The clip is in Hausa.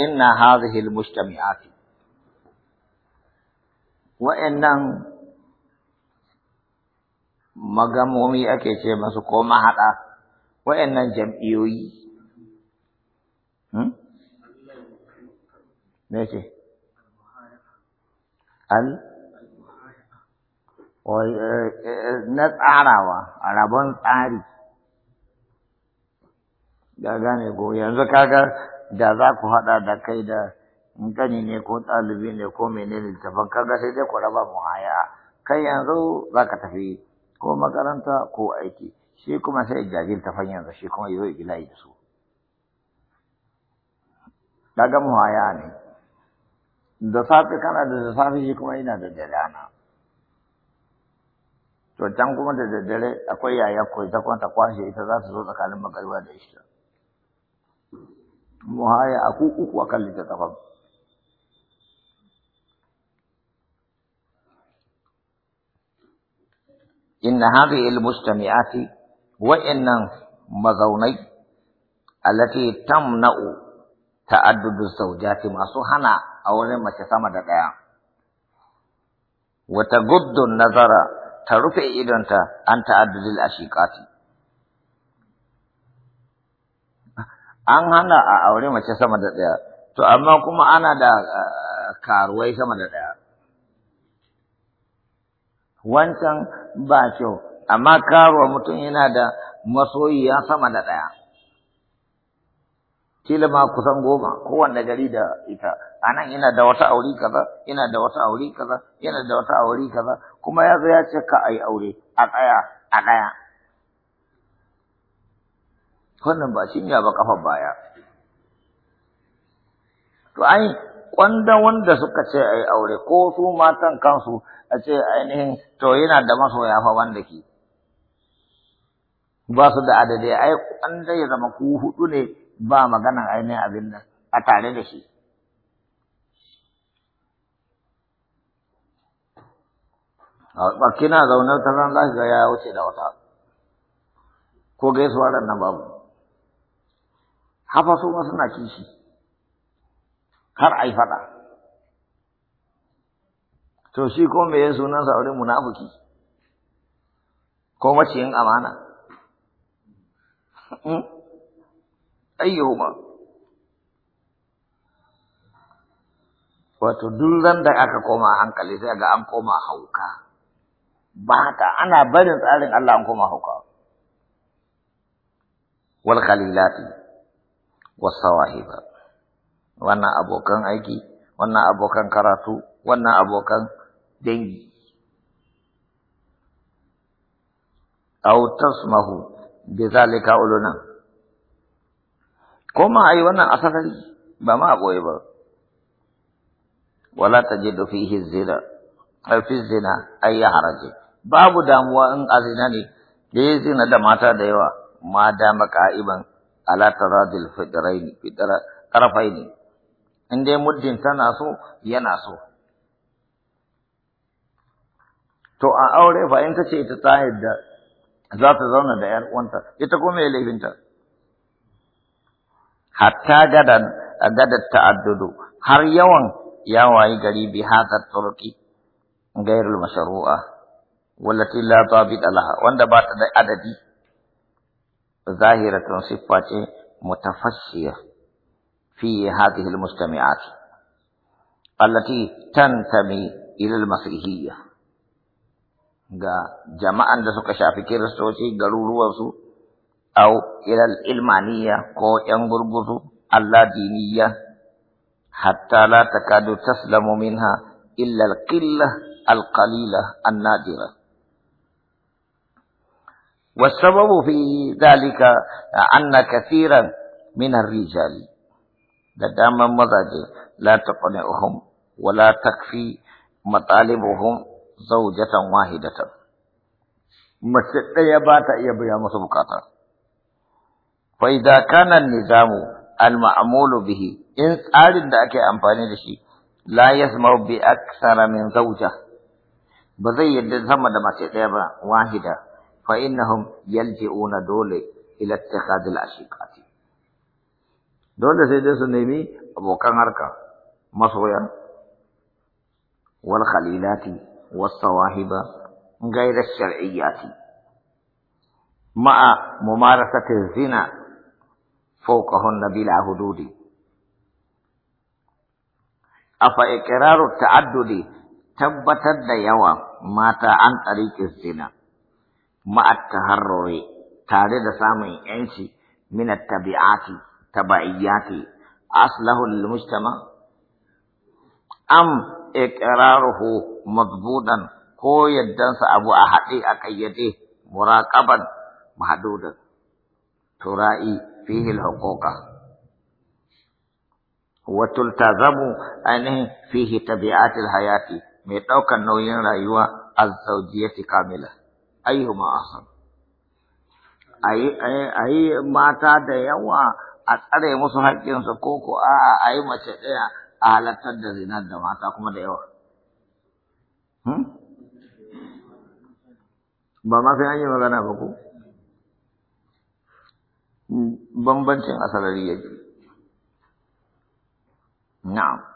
inna hadhihi Wa'in nan magamomi ake ce masu ko wa'in nan jam'iyoyi me ce al na tsarawa rabon tsari ya gane ko yanzu kaga da za ku haɗa da kai da gani ne ko ɗalibi ne ko menene littafin kaga sai dai ku raba mu haya kai yanzu za ka tafi ko makaranta ko aiki shi kuma sai jajin tafan yanzu shi kuma yau gila da su daga mu haya ne da safe kana da safe shi kuma yana da dare ana. to can kuma da daddare akwai yaya ko ita kwanta kwashe ita za ta zo tsakanin magariba da isha muhaya aku uku akan lihat apa. Inna hadhihi al-mustami'ati inna mazaunai allati tamna'u ta'addudu zawjati masuhana awalnya masih sama dengan yang Wata guddun nazara tarufi idanta anta an asyikati an hana a aure mace sama da ɗaya to amma kuma ana da eh, karuwai sama da ɗaya wancan ba kyau amma karuwa mutum yana da masoyiya sama da ɗaya kila ma kusan goma kowanne gari da ita a nan ina da wata aure kaza ina da wata aure kaza ina da wata aure kaza kuma ya zo ya ce ka a yi aure a ɗaya a ɗaya wannan ba cinya ba kafar baya to ai kwanda wanda suka ce ai aure ko su matan kansu a ce ainihin to yana da maso ya fa wanda ke ba su da adadi ai kwanda ya zama ku hudu ne ba magana ainihin abin nan a tare da shi a kina zaunar ta ran za ga ya wuce da wata ko gaisuwa ran nan babu hafa su ma suna kishi har a yi faɗa to shi ko me ya sunan sa wurin munafiki ko maciyin amana hmm? ayyuhuma wato duk da aka koma hankali sai ga an koma hauka ba haka ana barin tsarin Allah an koma hauka wal khalilati wasawahiba wannan abokan aiki wannan abokan karatu wannan abokan dangi aw tasmahu bi zalika uluna kuma ai wannan asali ba ma koyi ba wala tajidu fihi zina ai fi zina ay haraji babu damuwa in azina ne da zina da mata da yawa ma da maka'iban ala taradil fidrain fidra tarafain in muddin tana so yana so to a aure fa in tace ita ta da za ta zauna da yar uwanta ita ko mai laifinta hatta gadan gadat ta'addudu har yawan ya wayi gari bi hada turki gairul mashru'a wallati la tabit laha wanda ba ta da adadi ظاهرة صفة متفشية في هذه المجتمعات التي تنتمي إلى المسيحية جماعة دسوك شافي كيرستوشي قالوا أو إلى العلمانية كو الله اللادينية حتى لا تكاد تسلم منها إلا القلة القليلة النادرة والسبب في ذلك أن كثيرا من الرجال لدام مضاج لا تقنعهم ولا تكفي مطالبهم زوجة واحدة مسجد يبات يبيا مسبقاتا فإذا كان النظام المعمول به إن أعلم ذلك أمباني لشي لا يسمع بأكثر من زوجة بزي يدد ثم دمسي واحدة فإنهم يلجئون دول إلى اتخاذ الأشقاء دول سيدي سنيمي أبو كنغركا مصويا والخليلات والصواهب غير الشرعيات مع ممارسة الزنا فوقهن بلا حدود أفإقرار التعدد تبتد يوى مات عن طريق الزنا ma'at taharruri tare da samun yanci mina tabi'aci tabiati tabaiyati aslahu lil-mujtama am iqraruhu madbudan ko sa abu a hade a kayyade muraqaban mahdudan tura'i fihi al-huquqa fihi tabi'ati al hayati mai daukan nauyin rayuwa az الزوجية kamilah ayyuma ahsan ayi mata da yawa a tsare musu haƙƙinsu ko ko a ayi mace ɗaya a halartar da zinar da mata kuma da yawa hmm? ba ma sai an yi magana ba ko hmm, bambancin asalari yake na'am